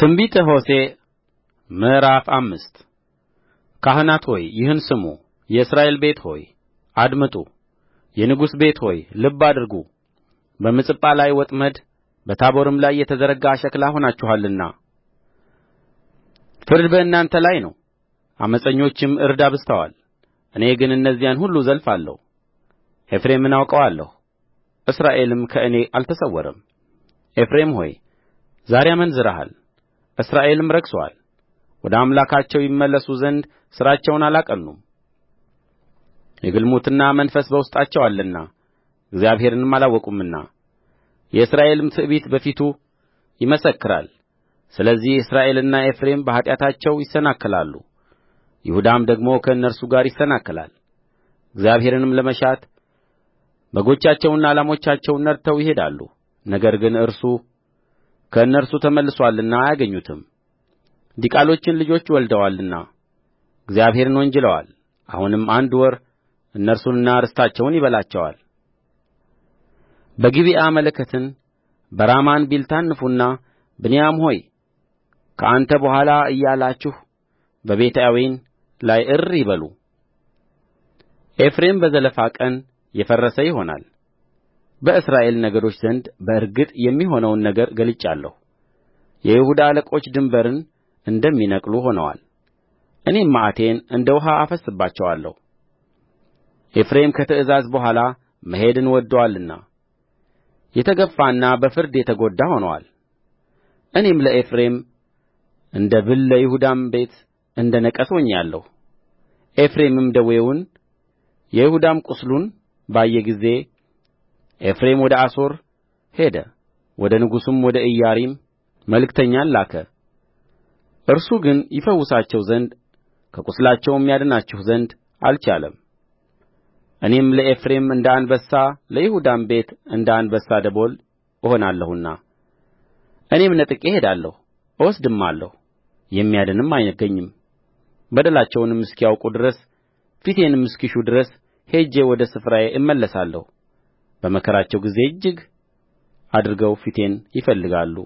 ትንቢተ ሆሴዕ ምዕራፍ አምስት ካህናት ሆይ ይህን ስሙ የእስራኤል ቤት ሆይ አድምጡ የንጉሥ ቤት ሆይ ልብ አድርጉ በምጽጳ ላይ ወጥመድ በታቦርም ላይ የተዘረጋ አሽክላ ሆናችኋልና ፍርድ በእናንተ ላይ ነው ዓመፀኞችም እርድ አብዝተዋል እኔ ግን እነዚያን ሁሉ እዘልፋለሁ ኤፍሬምን አውቀዋለሁ እስራኤልም ከእኔ አልተሰወረም ኤፍሬም ሆይ ዛሬ አመንዝረሃል እስራኤልም ረክሶአል ወደ አምላካቸው ይመለሱ ዘንድ ሥራቸውን አላቀኑም የግልሙትና መንፈስ በውስጣቸው አለና እግዚአብሔርንም አላወቁምና የእስራኤልም ትዕቢት በፊቱ ይመሰክራል ስለዚህ እስራኤልና ኤፍሬም በኃጢአታቸው ይሰናከላሉ ይሁዳም ደግሞ ከእነርሱ ጋር ይሰናከላል እግዚአብሔርንም ለመሻት በጎቻቸውና ላሞቻቸውን ነድተው ይሄዳሉ ነገር ግን እርሱ ከእነርሱ ተመልሶአልና አያገኙትም ዲቃሎችን ልጆች ወልደዋልና እግዚአብሔርን ወንጅለዋል አሁንም አንድ ወር እነርሱንና ርስታቸውን ይበላቸዋል በጊብዓ መለከትን በራማ እንቢልታን ንፉና ብንያም ሆይ ከአንተ በኋላ እያላችሁ በቤትአዌን ላይ እሪ በሉ ኤፍሬም በዘለፋ ቀን የፈረሰ ይሆናል በእስራኤል ነገዶች ዘንድ በእርግጥ የሚሆነውን ነገር ገልጫለሁ የይሁዳ አለቆች ድንበርን እንደሚነቅሉ ሆነዋል እኔም መዓቴን እንደ ውኃ አፈስስባቸዋለሁ ኤፍሬም ከትእዛዝ በኋላ መሄድን ወድዶአልና የተገፋና በፍርድ የተጐዳ ሆኖአል እኔም ለኤፍሬም እንደ ብል ለይሁዳም ቤት እንደ ነቀስ ሆኜአለሁ ኤፍሬምም ደዌውን የይሁዳም ቍስሉን ባየ ጊዜ ኤፍሬም ወደ አሦር ሄደ ወደ ንጉሡም ወደ ኢያሪም መልእክተኛን ላከ እርሱ ግን ይፈውሳቸው ዘንድ ከቍስላቸውም ያድናችሁ ዘንድ አልቻለም እኔም ለኤፍሬም እንደ አንበሳ ለይሁዳም ቤት እንደ አንበሳ ደቦል እሆናለሁና እኔም ነጥቄ እሄዳለሁ እወስድማለሁ የሚያድንም አይገኝም በደላቸውንም እስኪያውቁ ድረስ ፊቴንም እስኪሹ ድረስ ሄጄ ወደ ስፍራዬ እመለሳለሁ በመከራቸው ጊዜ እጅግ አድርገው ፊቴን ይፈልጋሉ